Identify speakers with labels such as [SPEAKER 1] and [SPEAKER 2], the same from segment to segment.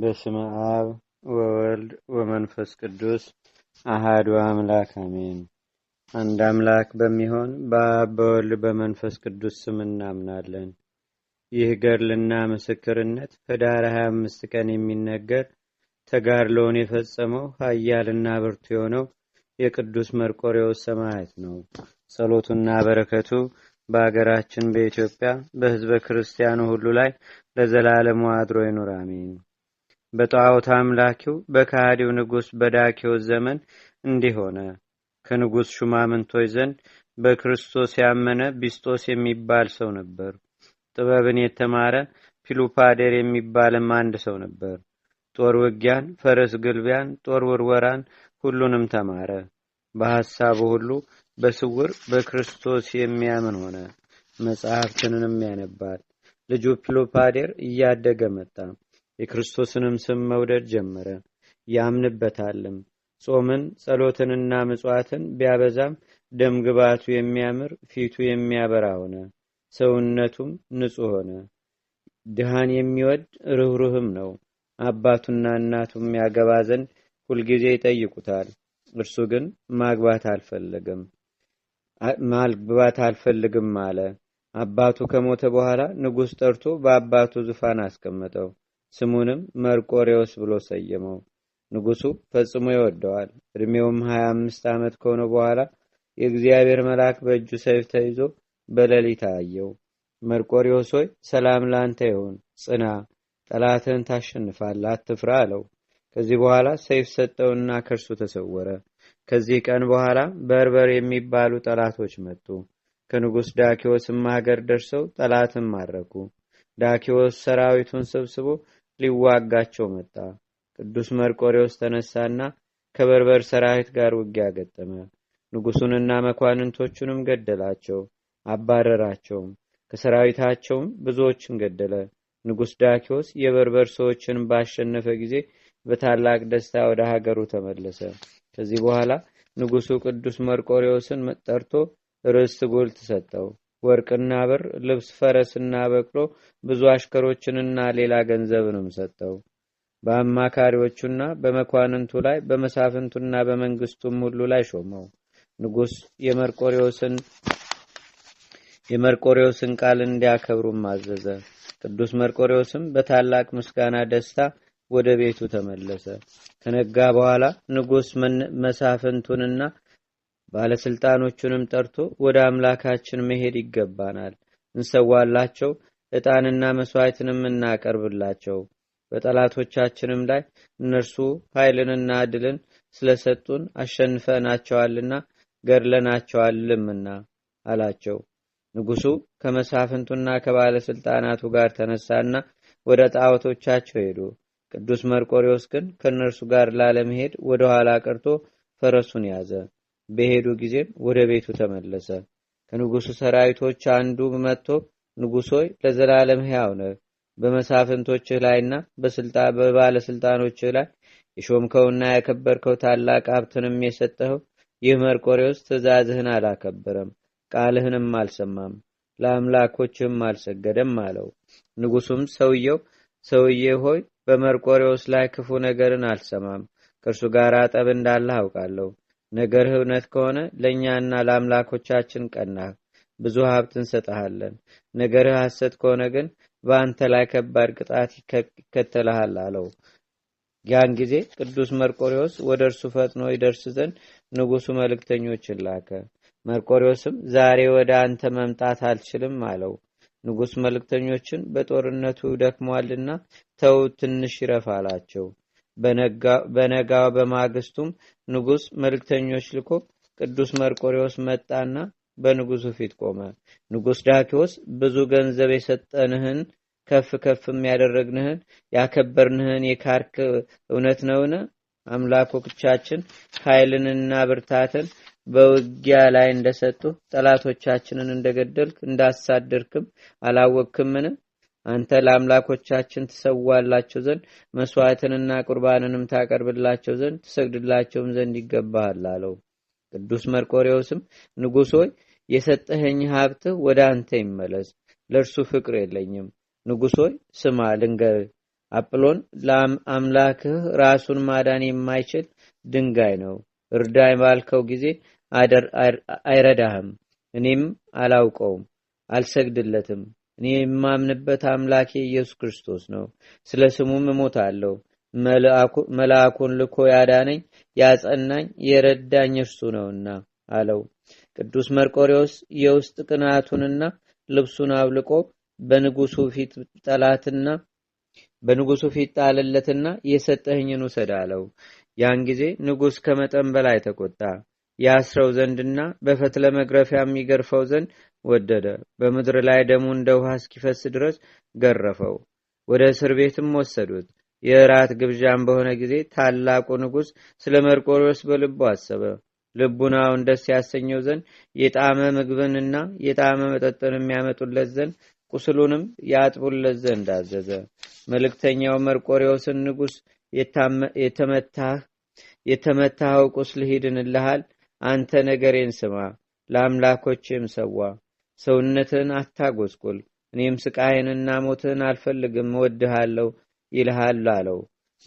[SPEAKER 1] በስመ አብ ወወልድ ወመንፈስ ቅዱስ አሃዱ አምላክ አሜን። አንድ አምላክ በሚሆን በአብ በወልድ በመንፈስ ቅዱስ ስም እናምናለን። ይህ ገድልና ምስክርነት ህዳር 25 ቀን የሚነገር ተጋድሎውን የፈጸመው ኃያልና ብርቱ የሆነው የቅዱስ መርቆሬዎስ ሰማዕት ነው። ጸሎቱና በረከቱ በአገራችን በኢትዮጵያ በህዝበ ክርስቲያኑ ሁሉ ላይ ለዘላለሙ አድሮ ይኑር አሜን። በጣዖት አምላኪው በካህዲው ንጉሥ በዳኪው ዘመን እንዲሆነ ከንጉሥ ሹማምንቶች ዘንድ በክርስቶስ ያመነ ቢስጦስ የሚባል ሰው ነበር። ጥበብን የተማረ ፒሉፓዴር የሚባልም አንድ ሰው ነበር። ጦር ውጊያን፣ ፈረስ ግልቢያን፣ ጦር ውርወራን ሁሉንም ተማረ። በሐሳቡ ሁሉ በስውር በክርስቶስ የሚያምን ሆነ። መጽሐፍትንንም ያነባል። ልጁ ፒሎፓዴር እያደገ መጣ። የክርስቶስንም ስም መውደድ ጀመረ፣ ያምንበታልም። ጾምን ጸሎትንና ምጽዋትን ቢያበዛም ደምግባቱ የሚያምር ፊቱ የሚያበራ ሆነ፣ ሰውነቱም ንጹሕ ሆነ። ድሃን የሚወድ ርኅሩህም ነው። አባቱና እናቱም ያገባ ዘንድ ሁልጊዜ ይጠይቁታል። እርሱ ግን ማግባት ማግባት አልፈልግም አለ። አባቱ ከሞተ በኋላ ንጉሥ ጠርቶ በአባቱ ዙፋን አስቀመጠው። ስሙንም መርቆሬዎስ ብሎ ሰየመው። ንጉሱ ፈጽሞ ይወደዋል። ዕድሜውም ሀያ አምስት ዓመት ከሆነ በኋላ የእግዚአብሔር መልአክ በእጁ ሰይፍ ተይዞ በሌሊት አየው። መርቆሬዎስ ሆይ ሰላም ለአንተ ይሁን፣ ጽና፣ ጠላትህን ታሸንፋለህ፣ አትፍራ አለው። ከዚህ በኋላ ሰይፍ ሰጠውና ከእርሱ ተሰወረ። ከዚህ ቀን በኋላ በርበር የሚባሉ ጠላቶች መጡ። ከንጉሥ ዳኪዎስም አገር ደርሰው ጠላትን ማረኩ። ዳኪዎስ ሰራዊቱን ሰብስቦ ሊዋጋቸው መጣ። ቅዱስ መርቆሬዎስ ተነሳና ከበርበር ሰራዊት ጋር ውጊያ ገጠመ። ንጉሱንና መኳንንቶቹንም ገደላቸው፣ አባረራቸውም። ከሰራዊታቸውም ብዙዎችን ገደለ። ንጉሥ ዳኪዎስ የበርበር ሰዎችን ባሸነፈ ጊዜ በታላቅ ደስታ ወደ ሀገሩ ተመለሰ። ከዚህ በኋላ ንጉሱ ቅዱስ መርቆሬዎስን ጠርቶ ርስት ጉልት ሰጠው። ወርቅና ብር፣ ልብስ፣ ፈረስና በቅሎ፣ ብዙ አሽከሮችንና ሌላ ገንዘብንም ሰጠው። በአማካሪዎቹና በመኳንንቱ ላይ በመሳፍንቱና በመንግስቱም ሁሉ ላይ ሾመው። ንጉሥ የመርቆሪዎስን የመርቆሬዎስን ቃል እንዲያከብሩም አዘዘ። ቅዱስ መርቆሬዎስም በታላቅ ምስጋና ደስታ ወደ ቤቱ ተመለሰ። ከነጋ በኋላ ንጉሥ መሳፍንቱንና ባለስልጣኖቹንም ጠርቶ ወደ አምላካችን መሄድ ይገባናል፣ እንሰዋላቸው፣ ዕጣንና መሥዋዕትንም እናቀርብላቸው። በጠላቶቻችንም ላይ እነርሱ ኃይልንና ድልን ስለሰጡን አሸንፈናቸዋልና ገድለናቸዋልምና አላቸው። ንጉሡ ከመሳፍንቱና ከባለሥልጣናቱ ጋር ተነሳና ወደ ጣዖቶቻቸው ሄዱ። ቅዱስ መርቆሪዎስ ግን ከእነርሱ ጋር ላለመሄድ ወደ ኋላ ቀርቶ ፈረሱን ያዘ። በሄዱ ጊዜም ወደ ቤቱ ተመለሰ። ከንጉሱ ሰራዊቶች አንዱ መጥቶ ንጉሱ ሆይ ለዘላለም ሕያው ነህ፣ በመሳፍንቶችህ ላይና በባለስልጣኖችህ ላይ የሾምከውና ያከበርከው ታላቅ ሀብትንም የሰጠኸው ይህ መርቆሬዎስ ትእዛዝህን አላከበረም፣ ቃልህንም አልሰማም፣ ለአምላኮችህም አልሰገደም አለው። ንጉሱም ሰውየው ሰውዬ ሆይ በመርቆሬዎስ ላይ ክፉ ነገርን አልሰማም፣ ከእርሱ ጋር ጠብ እንዳለህ አውቃለሁ ነገርህ እውነት ከሆነ ለእኛና ለአምላኮቻችን ቀናህ፣ ብዙ ሀብት እንሰጠሃለን። ነገርህ ሐሰት ከሆነ ግን በአንተ ላይ ከባድ ቅጣት ይከተልሃል አለው። ያን ጊዜ ቅዱስ መርቆሪዎስ ወደ እርሱ ፈጥኖ ይደርስ ዘንድ ንጉሡ መልእክተኞችን ላከ። መርቆሪዎስም ዛሬ ወደ አንተ መምጣት አልችልም አለው። ንጉሥ መልእክተኞችን በጦርነቱ ደክሟልና ተው ትንሽ ይረፍ አላቸው። በነጋ በማግስቱም ንጉሥ መልእክተኞች ልኮ ቅዱስ መርቆሪዎስ መጣና በንጉሱ ፊት ቆመ። ንጉሥ ዳኪዎስ ብዙ ገንዘብ የሰጠንህን ከፍ ከፍ ያደረግንህን ያከበርንህን የካርክ እውነት ነውን? አምላኮቻችን ኃይልንና ብርታትን በውጊያ ላይ እንደሰጡ ጠላቶቻችንን እንደገደልክ እንዳሳደርክም አላወቅክምን? አንተ ለአምላኮቻችን ትሰዋላቸው ዘንድ መስዋዕትንና ቁርባንንም ታቀርብላቸው ዘንድ ትሰግድላቸውም ዘንድ ይገባሃል አለው ቅዱስ መርቆሬዎስም ንጉሥ ሆይ የሰጠኸኝ ሀብትህ ወደ አንተ ይመለስ ለእርሱ ፍቅር የለኝም ንጉሥ ሆይ ስማ ልንገር አጵሎን ለአምላክህ ራሱን ማዳን የማይችል ድንጋይ ነው እርዳኝ ባልከው ጊዜ አይረዳህም እኔም አላውቀውም አልሰግድለትም እኔ የማምንበት አምላኬ ኢየሱስ ክርስቶስ ነው። ስለ ስሙም እሞታለሁ። መልአኩን ልኮ ያዳነኝ፣ ያጸናኝ፣ የረዳኝ እርሱ ነውና አለው። ቅዱስ መርቆሬዎስ የውስጥ ቅናቱንና ልብሱን አብልቆ በንጉሱ ፊት ጠላትና በንጉሱ ፊት ጣለለትና የሰጠህኝን ውሰድ አለው። ያን ጊዜ ንጉሥ ከመጠን በላይ ተቆጣ። ያስረው ዘንድና በፈትለ መግረፊያ የሚገርፈው ዘንድ ወደደ። በምድር ላይ ደሙ እንደ ውሃ እስኪፈስ ድረስ ገረፈው። ወደ እስር ቤትም ወሰዱት። የእራት ግብዣም በሆነ ጊዜ ታላቁ ንጉሥ ስለ መርቆሮስ በልቡ አሰበ። ልቡናውን ደስ ያሰኘው ዘንድ የጣመ ምግብንና የጣመ መጠጥን የሚያመጡለት ዘንድ ቁስሉንም ያጥቡለት ዘንድ አዘዘ። መልእክተኛው መርቆሬዎስን ንጉሥ የተመታህ የተመታኸው ቁስልህ አንተ ነገሬን ስማ፣ ለአምላኮችም ሰዋ፣ ሰውነትን አታጎስቁል። እኔም ስቃይንና ሞትን አልፈልግም እወድሃለሁ ይልሃል አለው።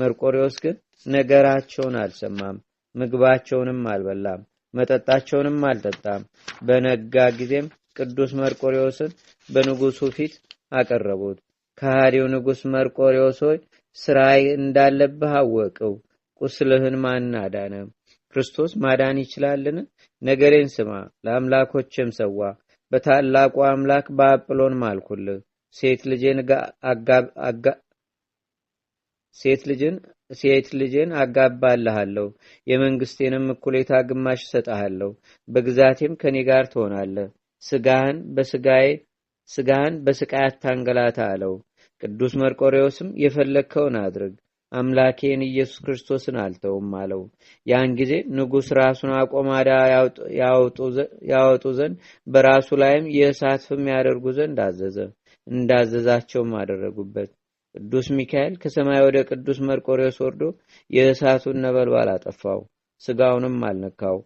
[SPEAKER 1] መርቆሪዎስ ግን ነገራቸውን አልሰማም፣ ምግባቸውንም አልበላም፣ መጠጣቸውንም አልጠጣም። በነጋ ጊዜም ቅዱስ መርቆሪዎስን በንጉሱ ፊት አቀረቡት። ከሃዲው ንጉሥ መርቆሪዎስ ሆይ ስራይ እንዳለብህ አወቅው፣ ቁስልህን ማን አዳነም? ክርስቶስ ማዳን ይችላልን? ነገሬን ስማ፣ ለአምላኮችም ሰዋ፣ በታላቁ አምላክ በአጵሎን ማልኩልህ። ሴት ልጅን ሴት ልጄን አጋባልሃለሁ፣ የመንግስቴንም እኩሌታ ግማሽ እሰጥሃለሁ። በግዛቴም ከኔ ጋር ትሆናለህ። ስጋህን በስጋዬ ስጋህን በስቃይ አታንገላታ አለው። ቅዱስ መርቆሬዎስም የፈለግከውን አድርግ አምላኬን ኢየሱስ ክርስቶስን አልተውም አለው። ያን ጊዜ ንጉሥ ራሱን አቆማዳ ያወጡ ዘንድ በራሱ ላይም የእሳት ፍም ያደርጉ ዘንድ አዘዘ። እንዳዘዛቸውም አደረጉበት። ቅዱስ ሚካኤል ከሰማይ ወደ ቅዱስ መርቆሬዎስ ወርዶ የእሳቱን ነበልባል አጠፋው፣ ስጋውንም አልነካው።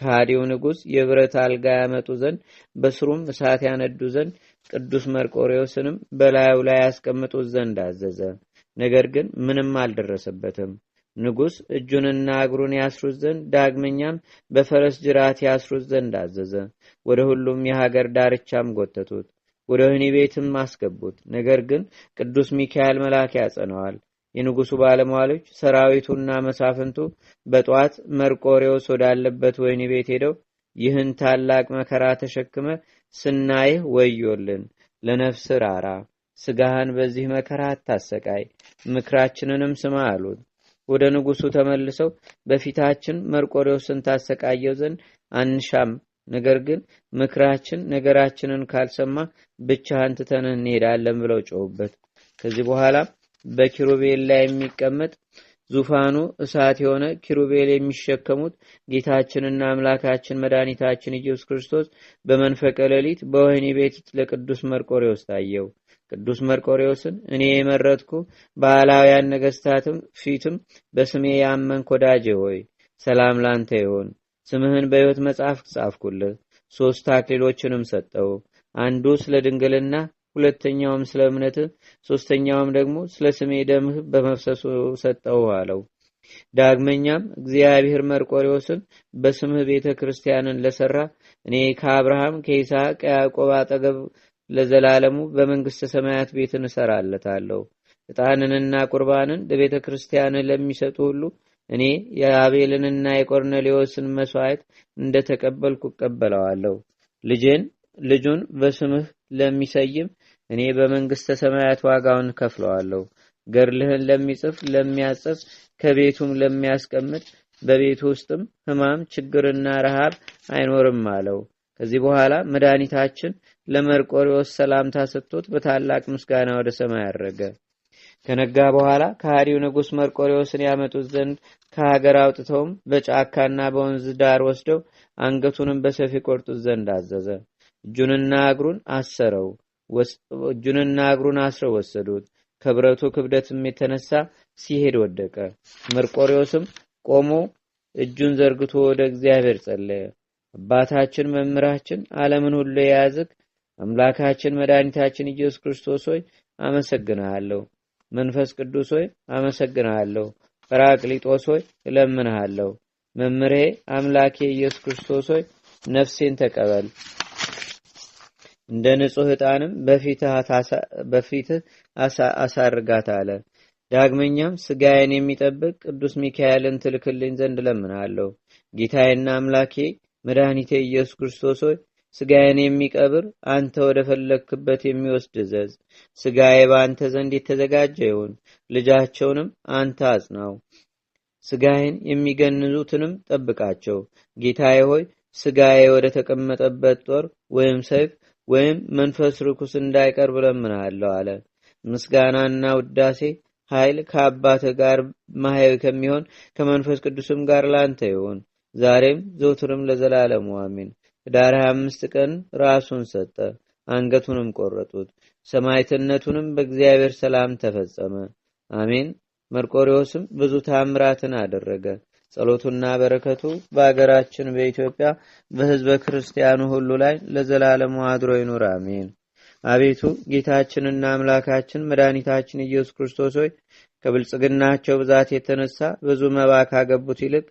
[SPEAKER 1] ከሃዲው ንጉሥ የብረት አልጋ ያመጡ ዘንድ በስሩም እሳት ያነዱ ዘንድ ቅዱስ መርቆሬዎስንም በላዩ ላይ ያስቀምጡት ዘንድ አዘዘ። ነገር ግን ምንም አልደረሰበትም። ንጉሥ እጁንና እግሩን ያስሩት ዘንድ ዳግመኛም በፈረስ ጅራት ያስሩት ዘንድ አዘዘ። ወደ ሁሉም የሀገር ዳርቻም ጎተቱት፣ ወደ ወህኒ ቤትም አስገቡት። ነገር ግን ቅዱስ ሚካኤል መልአክ ያጸነዋል። የንጉሱ ባለሟሎች ሰራዊቱና መሳፍንቱ በጠዋት መርቆሬዎስ ወዳለበት ወህኒ ቤት ሄደው ይህን ታላቅ መከራ ተሸክመ ስናይህ ወዮልን፣ ለነፍስ ራራ ስጋህን በዚህ መከራ አታሰቃይ፣ ምክራችንንም ስማ አሉት። ወደ ንጉሱ ተመልሰው በፊታችን መርቆሬዎስን ታሰቃየው ዘንድ አንሻም፣ ነገር ግን ምክራችን ነገራችንን ካልሰማ ብቻህን ትተን እንሄዳለን ብለው ጮሁበት። ከዚህ በኋላ በኪሩቤል ላይ የሚቀመጥ ዙፋኑ እሳት የሆነ ኪሩቤል የሚሸከሙት ጌታችንና አምላካችን መድኃኒታችን ኢየሱስ ክርስቶስ በመንፈቀ ሌሊት በወህኒ ቤት ለቅዱስ መርቆሬዎስ ታየው። ቅዱስ መርቆሬዎስን እኔ የመረጥኩ ባህላውያን ነገስታትም ፊትም በስሜ ያመንክ ወዳጄ ሆይ ሰላም ላንተ ይሆን። ስምህን በሕይወት መጽሐፍ ጻፍኩልህ። ሦስት አክሊሎችንም ሰጠው። አንዱ ስለ ድንግልና፣ ሁለተኛውም ስለ እምነትህ ሦስተኛውም ደግሞ ስለ ስሜ ደምህ በመፍሰሱ ሰጠው አለው። ዳግመኛም እግዚአብሔር መርቆሪዎስን በስምህ ቤተ ክርስቲያንን ለሠራ እኔ ከአብርሃም ከይስሐቅ ከያዕቆብ አጠገብ ለዘላለሙ በመንግሥተ ሰማያት ቤትን እሰራለታለሁ። ዕጣንንና ቁርባንን በቤተ ክርስቲያን ለሚሰጡ ሁሉ እኔ የአቤልንና የቆርኔሌዎስን መሥዋዕት እንደ ተቀበልኩ እቀበለዋለሁ። ልጅን ልጁን በስምህ ለሚሰይም እኔ በመንግሥተ ሰማያት ዋጋውን ከፍለዋለሁ። ገርልህን ለሚጽፍ ለሚያጽፍ፣ ከቤቱም ለሚያስቀምጥ በቤቱ ውስጥም ሕማም ችግርና ረሃብ አይኖርም አለው። ከዚህ በኋላ መድኃኒታችን ለመርቆሪዎስ ሰላምታ ሰጥቶት በታላቅ ምስጋና ወደ ሰማይ አረገ። ከነጋ በኋላ ከሃዲው ንጉሥ መርቆሪዎስን ያመጡት ዘንድ ከሀገር አውጥተውም በጫካና በወንዝ ዳር ወስደው አንገቱንም በሰፊ ቆርጡት ዘንድ አዘዘ። እጁንና እግሩን አሰረው እጁንና እግሩን አስረው ወሰዱት። ከብረቱ ክብደትም የተነሳ ሲሄድ ወደቀ። መርቆሪዎስም ቆሞ እጁን ዘርግቶ ወደ እግዚአብሔር ጸለየ። አባታችን መምህራችን ዓለምን ሁሉ የያዝክ አምላካችን መድኃኒታችን ኢየሱስ ክርስቶስ ሆይ አመሰግንሃለሁ። መንፈስ ቅዱስ ሆይ አመሰግንሃለሁ። ጰራቅሊጦስ ሆይ እለምንሃለሁ። መምሬ አምላኬ ኢየሱስ ክርስቶስ ሆይ ነፍሴን ተቀበል፣ እንደ ንጹሕ ዕጣንም በፊትህ አሳርጋት አለ። ዳግመኛም ስጋዬን የሚጠብቅ ቅዱስ ሚካኤልን ትልክልኝ ዘንድ እለምንሃለሁ። ጌታዬና አምላኬ መድኃኒቴ ኢየሱስ ክርስቶስ ሆይ ስጋዬን የሚቀብር አንተ ወደ ፈለግክበት የሚወስድ እዘዝ። ስጋዬ በአንተ ዘንድ የተዘጋጀ ይሁን። ልጃቸውንም አንተ አጽናው፣ ስጋዬን የሚገንዙትንም ጠብቃቸው። ጌታዬ ሆይ ስጋዬ ወደ ተቀመጠበት ጦር ወይም ሰይፍ ወይም መንፈስ ርኩስ እንዳይቀርብ እለምንሃለሁ አለ። ምስጋናና ውዳሴ ኃይል ከአባት ጋር ማህያዊ ከሚሆን ከመንፈስ ቅዱስም ጋር ላንተ ይሁን ዛሬም ዘውትርም ለዘላለሙ አሚን ኅዳር 25 ቀን ራሱን ሰጠ፣ አንገቱንም ቆረጡት። ሰማይትነቱንም በእግዚአብሔር ሰላም ተፈጸመ። አሜን። መርቆሪዎስም ብዙ ታምራትን አደረገ። ጸሎቱና በረከቱ በአገራችን በኢትዮጵያ በሕዝበ ክርስቲያኑ ሁሉ ላይ ለዘላለሙ አድሮ ይኑር፣ አሜን። አቤቱ ጌታችንና አምላካችን መድኃኒታችን ኢየሱስ ክርስቶስ ሆይ ከብልጽግናቸው ብዛት የተነሳ ብዙ መባ ካገቡት ይልቅ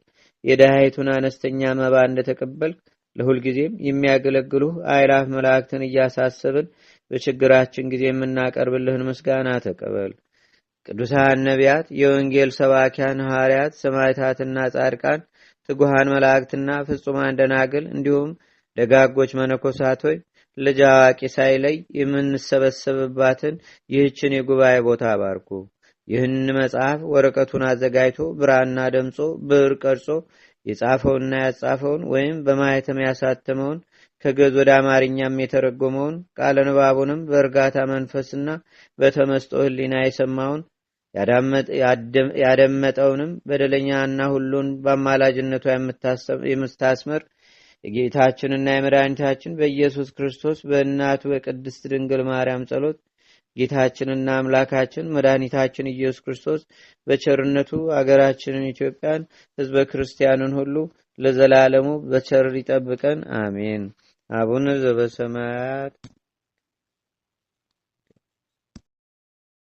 [SPEAKER 1] የደሃይቱን አነስተኛ መባ እንደተቀበልክ ለሁልጊዜም የሚያገለግሉ አይላፍ መላእክትን እያሳሰብን በችግራችን ጊዜ የምናቀርብልህን ምስጋና ተቀበል። ቅዱሳን ነቢያት፣ የወንጌል ሰባኪያን ሐዋርያት፣ ሰማዕታትና ጻድቃን፣ ትጉሃን መላእክትና ፍጹማን ደናግል እንዲሁም ደጋጎች መነኮሳት ሆይ ልጅ አዋቂ ሳይለይ የምንሰበሰብባትን ይህችን የጉባኤ ቦታ አባርኩ። ይህን መጽሐፍ ወረቀቱን አዘጋጅቶ ብራና ደምጾ ብዕር ቀርጾ የጻፈውንና ያጻፈውን ወይም በማየተም ያሳተመውን ከገዝ ወደ አማርኛም የተረጎመውን ቃለ ንባቡንም በእርጋታ መንፈስና በተመስጦ ህሊና የሰማውን ያደመጠውንም በደለኛና ሁሉን በአማላጅነቷ የምታስመር የጌታችንና የመድኃኒታችን በኢየሱስ ክርስቶስ በእናቱ የቅድስት ድንግል ማርያም ጸሎት ጌታችንና አምላካችን መድኃኒታችን ኢየሱስ ክርስቶስ በቸርነቱ አገራችንን ኢትዮጵያን፣ ህዝበ ክርስቲያንን ሁሉ ለዘላለሙ በቸር ይጠብቀን። አሜን። አቡነ ዘበሰማያት